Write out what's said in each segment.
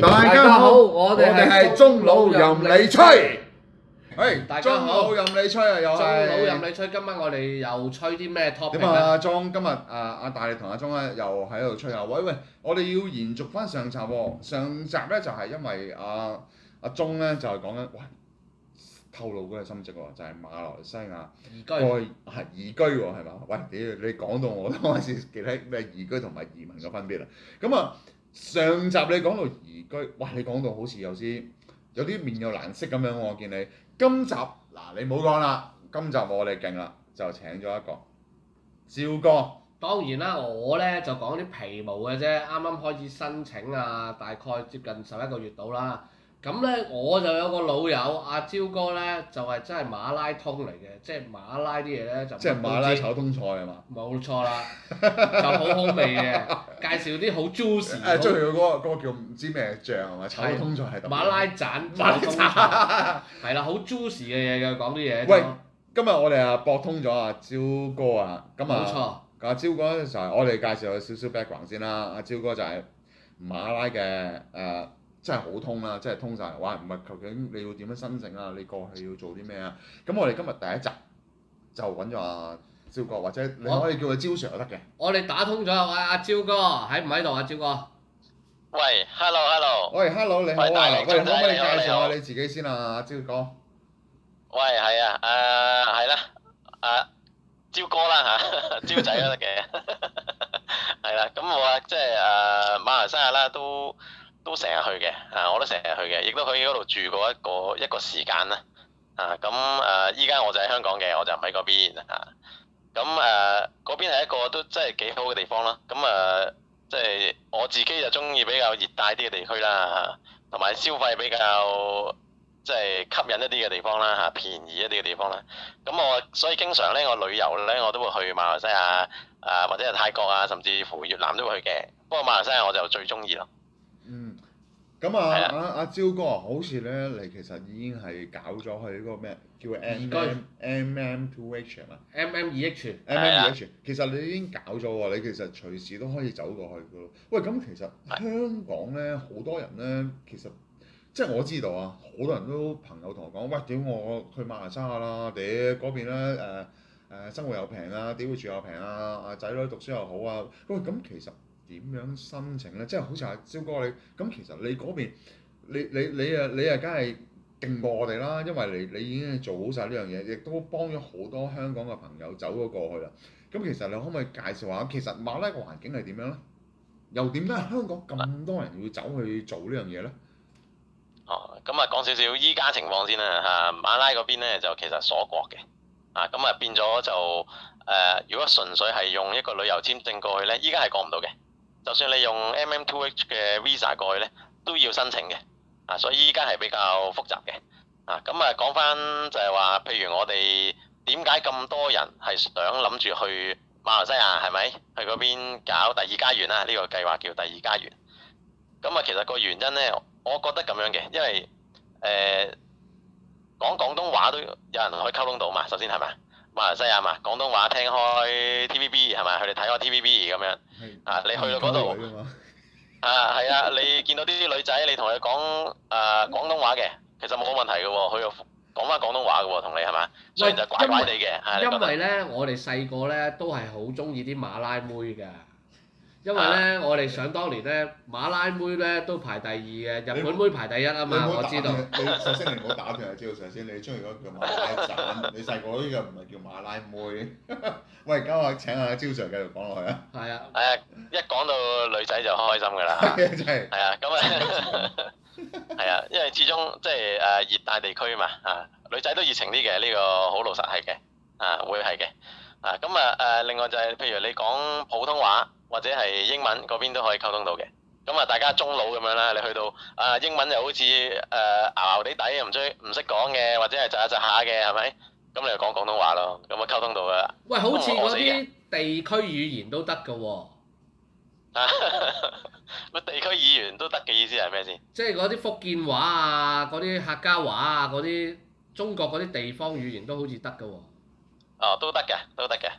大家好，家好我哋係中佬任你吹。誒，大家好，任你吹啊，又係中佬任你吹。今晚我哋又吹啲咩 topic？阿莊今日阿阿大同阿莊咧又喺度吹啊。啊吹喂喂，我哋要延續翻上集。上集咧就係、是、因為阿阿莊咧就係講緊喂，透露嗰個心跡喎，就係、是、馬來西亞移居係移居喎，係嘛？喂，你你講到我當時記得咩移居同埋移民嘅分別啦。咁、嗯、啊。上集你講到宜居，哇！你講到好似有啲有啲面有難色咁樣，我見你。今集嗱、啊、你唔好講啦，今集我哋勁啦，就請咗一個蕉哥。當然啦，我呢就講啲皮毛嘅啫，啱啱開始申請啊，大概接近十一個月到啦。咁咧我就有個老友阿蕉哥咧，就係真係馬拉通嚟嘅，即係馬拉啲嘢咧就。即係馬拉炒通菜係嘛？冇錯啦，就好好味嘅，介紹啲好 juicy。誒，最佢嗰個叫唔知咩醬係嘛？炒通菜係。馬拉盞。係啦，好 juicy 嘅嘢嘅，講啲嘢。喂，今日我哋啊搏通咗阿蕉哥啊，咁啊。冇錯。阿蕉哥嗰陣時我哋介紹佢少少 background 先啦。阿蕉哥就係馬拉嘅誒。真係好通啦，真係通曬。哇！唔係，究竟你要點樣申請啊？你過去要做啲咩啊？咁我哋今日第一集就揾咗阿招哥，或者你可以叫佢招 Sir 都得嘅。我哋打通咗阿阿招哥喺唔喺度啊？招哥，喂，hello hello。喂，hello 你好啊，大哥，可唔可以介紹下你自己先啊，阿招哥。喂，係啊，誒係啦，誒招哥啦嚇，招仔都得嘅。係啦，咁我啊即係誒馬來西亞啦都。都成日去嘅，啊，我都成日去嘅，亦都去嗰度住過一個一個時間啦。啊，咁、啊、誒，依家我就喺香港嘅，我就唔喺嗰邊啊。咁、啊、誒，嗰邊係一個都真係幾好嘅地方啦。咁、啊、誒，即、就、係、是、我自己就中意比較熱帶啲嘅地區啦，同、啊、埋消費比較即係、就是、吸引一啲嘅地方啦，嚇、啊、便宜一啲嘅地方啦。咁、啊、我、啊、所以經常咧，我旅遊咧，我都會去馬來西亞啊，或者係泰國啊，甚至乎越南都會去嘅。不過馬來西亞我就最中意咯。咁啊，阿阿蕉哥啊，哥好似咧，你其實已經係搞咗佢嗰個咩？叫 MM2H 係咪？MM2H，MM2H 其實你已經搞咗喎，你其實隨時都可以走過去噶咯。喂，咁其實香港咧，好多人咧，其實即係我知道啊，好多人都朋友同我講，喂，屌我去馬來西亞啦、啊？屌嗰邊咧，誒、呃、誒，生活又平啊，點住又平啊，阿仔女讀書又好啊。喂，咁其實～點樣申請咧？即係好似阿蕉哥你咁，其實你嗰邊你你你啊，你啊，梗係勁過我哋啦，因為你你已經係做好曬呢樣嘢，亦都幫咗好多香港嘅朋友走咗過去啦。咁其實你可唔可以介紹下，其實馬拉嘅環境係點樣咧？又點解香港咁多人要走去做呢樣嘢咧？哦，咁啊，講少少依家情況先啦嚇。馬拉嗰邊咧就其實鎖國嘅啊，咁啊變咗就誒，如果純粹係用一個旅遊簽證過去咧，依家係過唔到嘅。就算你用 MM2H 嘅 Visa 過去咧，都要申請嘅，啊，所以依家係比較複雜嘅，啊，咁啊講翻就係話，譬如我哋點解咁多人係想諗住去馬來西亞，係咪？去嗰邊搞第二家園啊？呢個計劃叫第二家園。咁啊，其實個原因咧，我覺得咁樣嘅，因為誒講廣東話都有人可以溝通到嘛，首先係咪？馬來西亞嘛，廣東話聽開 TVB 係咪？佢哋睇開 TVB 咁樣，是啊，你去到嗰度，嗯、我啊，係啊， 你見到啲女仔，你同佢講啊、呃、廣東話嘅，其實冇問題嘅喎，佢又講翻廣東話嘅喎，同你係嘛，所以，所以就怪怪哋嘅。因為咧，我哋細個咧都係好中意啲馬拉，拉妹嘅。因為咧，我哋想當年咧，馬拉妹咧都排第二嘅，日本妹排第一啊嘛，別我知道你。你首先 sized, 你唔好打佢阿朝常先，你中意嗰個叫馬拉仔，你細個呢個唔係叫馬拉妹。 喂，而家我請阿朝常 i r 繼續講落去啊。係啊。誒，一講到女仔就開心㗎啦。係。 係啊，咁啊，係啊，因為始終即係誒、呃、熱帶地區嘛，啊，女仔都熱情啲嘅，呢、這個好老實係嘅，啊，會係嘅。啊，咁啊誒，另外就係、是、譬如你講普通話。或者係英文嗰邊都可以溝通到嘅，咁啊大家中老咁樣啦，你去到啊英文又好似誒拗拗啲底，又唔唔識講嘅，或者係窒一窒下嘅係咪？咁你又講廣東話咯，咁啊溝通到㗎。喂，好似嗰啲地區語言都得㗎喎。啊，乜地區語言都得嘅意思係咩先？即係嗰啲福建話啊，嗰啲客家話啊，嗰啲中國嗰啲地方語言都好似得㗎喎。哦，都得嘅，都得嘅。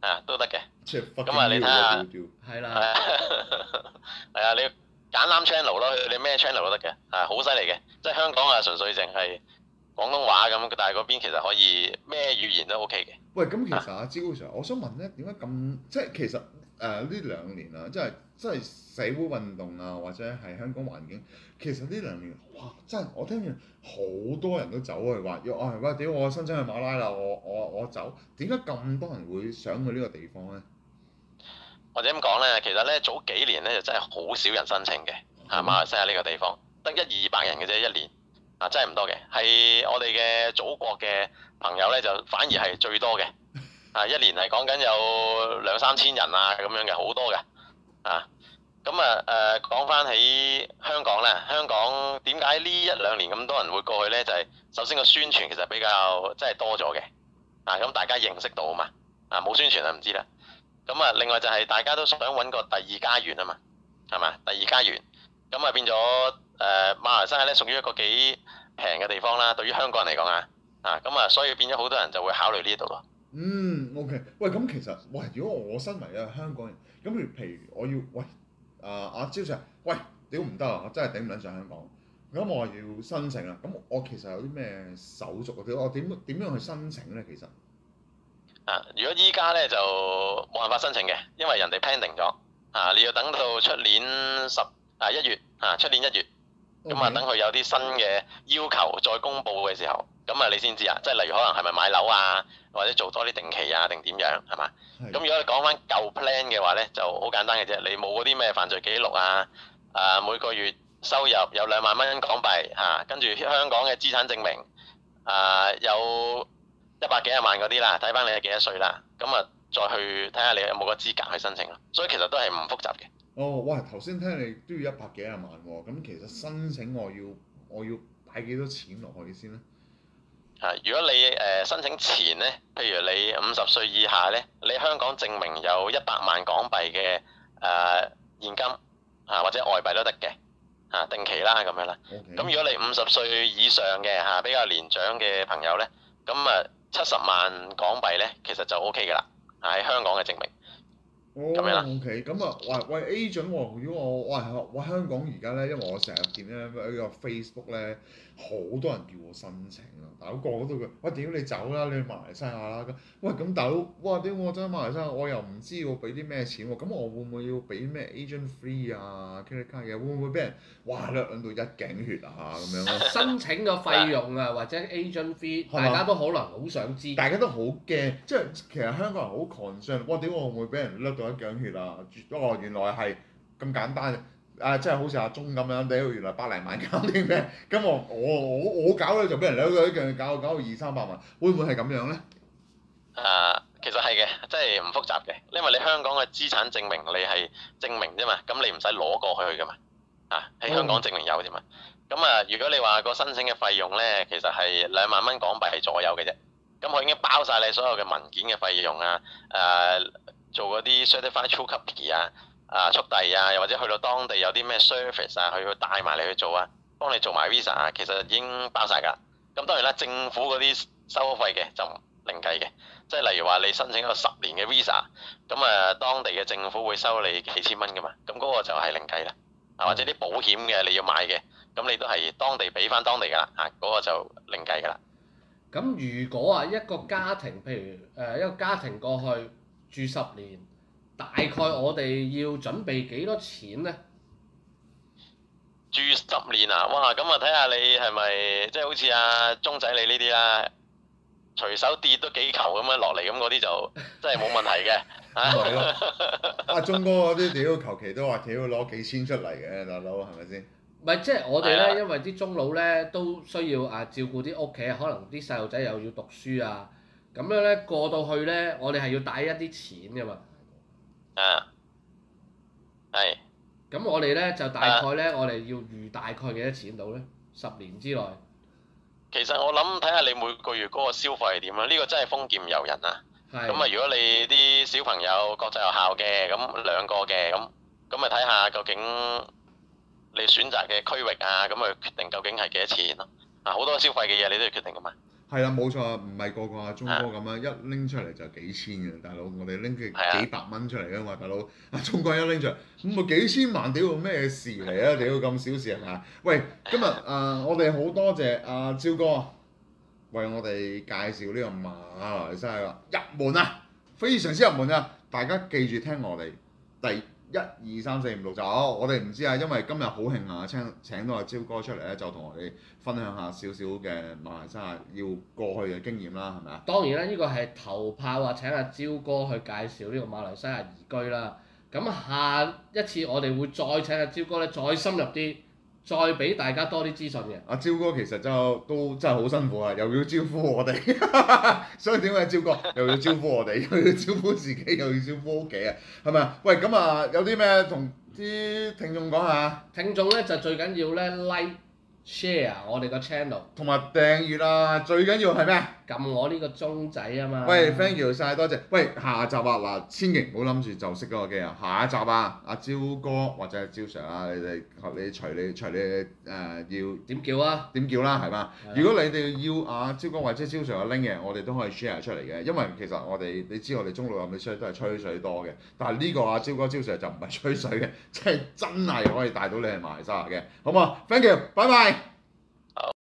啊，都得嘅，咁啊，啊，你睇下，係啦，係啊，你揀啱 channel 咯，你咩 channel 都得嘅，啊，好犀利嘅，即係香港啊，純粹淨係廣東話咁，但係嗰邊其實可以咩語言都 OK 嘅。喂，咁其實阿蕉 Sir、啊啊、我想問咧，點解咁即係其實誒呢、呃、兩年啊，即係即係社會運動啊，或者係香港環境？其實呢兩年，哇！真係我聽完好多人都走去話，要啊喂，屌我申請去馬拉啦，我我我走。點解咁多人會想去呢個地方咧？或者咁講咧？其實咧早幾年咧就真係好少人申請嘅，係、啊、馬來西亞呢個地方，得一二百人嘅啫一年，啊真係唔多嘅。係我哋嘅祖國嘅朋友咧就反而係最多嘅，啊一年係講緊有兩三千人啊咁樣嘅，好多嘅，啊。咁啊，誒講翻起香港咧，香港點解呢一兩年咁多人會過去呢？就係首先個宣傳其實比較真係多咗嘅啊，咁大家認識到啊嘛啊冇宣傳啊唔知啦。咁啊，另外就係大家都想揾個第二家園啊嘛，係嘛第二家園咁啊變咗誒馬來西亞呢，屬於一個幾平嘅地方啦，對於香港人嚟講啊啊咁啊，所以變咗好多人就會考慮呢度啊。嗯，OK。喂，咁其實喂，如果我身為啊香港人，咁譬如我要喂。啊！阿招 Sir，喂，屌唔得啊！我真係頂唔撚上香港。如果我話要申請啊，咁我其實有啲咩手續啊？點我點點樣去申請咧？其實啊，如果依家咧就冇辦法申請嘅，因為人哋 pending 咗啊，你要等到出年十啊一月啊，出年一月咁啊，等佢有啲新嘅要求再公佈嘅時候。咁啊，你先知啊，即係例如可能係咪買樓啊，或者做多啲定期啊，定點樣係嘛？咁的如果你講翻舊 plan 嘅話咧，就好簡單嘅啫。你冇嗰啲咩犯罪記錄啊，誒、啊、每個月收入有兩萬蚊港幣嚇，跟、啊、住香港嘅資產證明，誒、啊、有一百幾十萬嗰啲啦，睇翻你係幾多歲啦，咁啊再去睇下你有冇個資格去申請咯。所以其實都係唔複雜嘅。哦，喂，頭先聽你都要一百幾十萬喎，哦，咁其實申請我要我要擺幾多錢落去先咧？啊，如果你誒申請前咧，譬如你五十歲以下咧，你香港證明有一百萬港幣嘅誒現金，啊或者外幣都得嘅，啊定期啦咁樣啦。咁如果你五十歲以上嘅嚇比較年長嘅朋友咧，咁啊七十萬港幣咧其實就 OK 㗎啦，喺香港嘅證明。哦 purp，OK，咁啊，喂喂 agent 喎，如果我，喂，我香港而家咧，因為我成日點咧喺個 Facebook 咧，好多人叫我申請啊，大佬個個都，我屌你走啦，你去馬來西亞啦。咁、嗯，喂，咁大佬，哇，屌我真係馬來西亞，我又唔知要俾啲咩錢，喎。咁我會唔會要俾咩 agent fee 啊 credit card 嘅？會唔會俾人哇甩到一頸血啊咁樣？ 申請個費用啊，或者 agent fee， 嗎大家都可能好想知，大家都好驚，即係其實香港人好 concern。哇，屌我會唔會俾人甩到？ 養血啊！哦，不過原來係咁簡單啊！即係好似阿鐘咁樣，屌原來百零萬搞啲咩？咁我我我我搞咧就俾人兩個一樣搞，搞到二三百萬，會唔會係咁樣咧？誒，其實係嘅，真係唔複雜嘅，因為你香港嘅資產證明你係證明啫嘛，咁你唔使攞過去噶嘛啊！喺香港證明有啫嘛。咁啊，如果你話個申請嘅費用咧，其實係兩萬蚊港幣係左右嘅啫。咁我已經包曬你所有嘅文件嘅費用啊，誒。做嗰啲 certified true copy 啊，啊速遞啊，又或者去到當地有啲咩 service 啊，佢會帶埋你去做啊，幫你做埋 visa 啊，其實已經包曬㗎。咁當然啦，政府嗰啲收費嘅就唔另計嘅，即係例如話你申請一個十年嘅 visa，咁啊當地嘅政府會收你幾千蚊㗎嘛，咁嗰個就係另計啦。啊，或者啲保險嘅你要買嘅，咁你都係當地俾翻當地㗎啦，啊嗰個就另計㗎啦。咁如果啊一個家庭，譬如誒一個家庭過去。住十年，大概我哋要準備幾多錢呢？住十年啊，哇！咁啊睇下你係咪即係好似阿鐘仔你呢啲啊，隨手跌都幾球咁樣落嚟，咁嗰啲就真係冇問題嘅。啊，阿鐘哥嗰啲屌求其都話屌攞幾千出嚟嘅，大佬係咪先？唔係即係我哋咧，對吧 因為啲中佬咧都需要啊照顧啲屋企，可能啲細路仔又要讀書啊。咁樣咧過到去咧，我哋係要帶一啲錢嘅嘛。啊，係。咁我哋咧就大概咧，我哋要預大概幾多錢到咧？十年之內。其實我諗睇下你每個月嗰個消費係點啊，呢個真係豐儉由人啊。係。咁啊，如果你啲小朋友國際學校嘅，咁兩個嘅，咁咁咪睇下究竟你選擇嘅區域啊，咁咪決定究竟係幾多錢咯。啊，好多消費嘅嘢你都要決定嘅嘛。係啦，冇錯，唔係個個阿中哥咁樣，Yeah. 一拎出嚟就幾千嘅，大佬，我哋拎佢幾百蚊出嚟吖嘛，大佬，阿中哥一拎出嚟，咁咪幾千萬屌咩事嚟啊？屌咁小事係咪？喂，今日 Yeah.、呃、啊，我哋好多謝阿蕉哥為我哋介紹呢個馬來西亞入門啊，非常之入門啊，大家記住聽我哋第。一二三四五六走！我哋唔知啊，因為今日好慶幸啊，請請到阿蕉哥出嚟咧，就同我哋分享下少少嘅馬來西亞要過去嘅經驗啦，係咪啊？當然啦，呢、這個係頭炮啊，請阿蕉哥去介紹呢個馬來西亞移居啦。咁、嗯、下一次我哋會再請阿蕉哥咧，再深入啲。再俾大家多啲資訊嘅。阿招哥其實就都真係好辛苦啊，又要招呼我哋， 所以點解招哥又要招呼我哋， 又要招呼自己，又要招呼屋企啊，係咪啊？喂，咁啊，有啲咩同啲聽眾講下？聽眾咧就最緊要咧 like share 我哋個 channel，同埋訂閱啦，最緊要係咩？撳我呢個鐘仔啊嘛！喂 Thank you，晒，多謝，喂下集啊嗱，千祈唔好諗住就熄嗰個機啊，下一集啊，阿蕉哥或者阿蕉 sir 啊，你哋學你隨你隨你誒要點叫啊，點叫啦係嘛？如果你哋要阿蕉哥或者蕉 sir 阿 link 嘅，我哋都可以 share 出嚟嘅，因為其實我哋你知我哋中佬有咪 s 都係吹水多嘅，但係呢個阿、啊、蕉哥、蕉 sir 就唔係吹水嘅，即、就、係、是、真係可以帶到你去埋沙嘅，好嘛？Thank you，拜拜。Oh.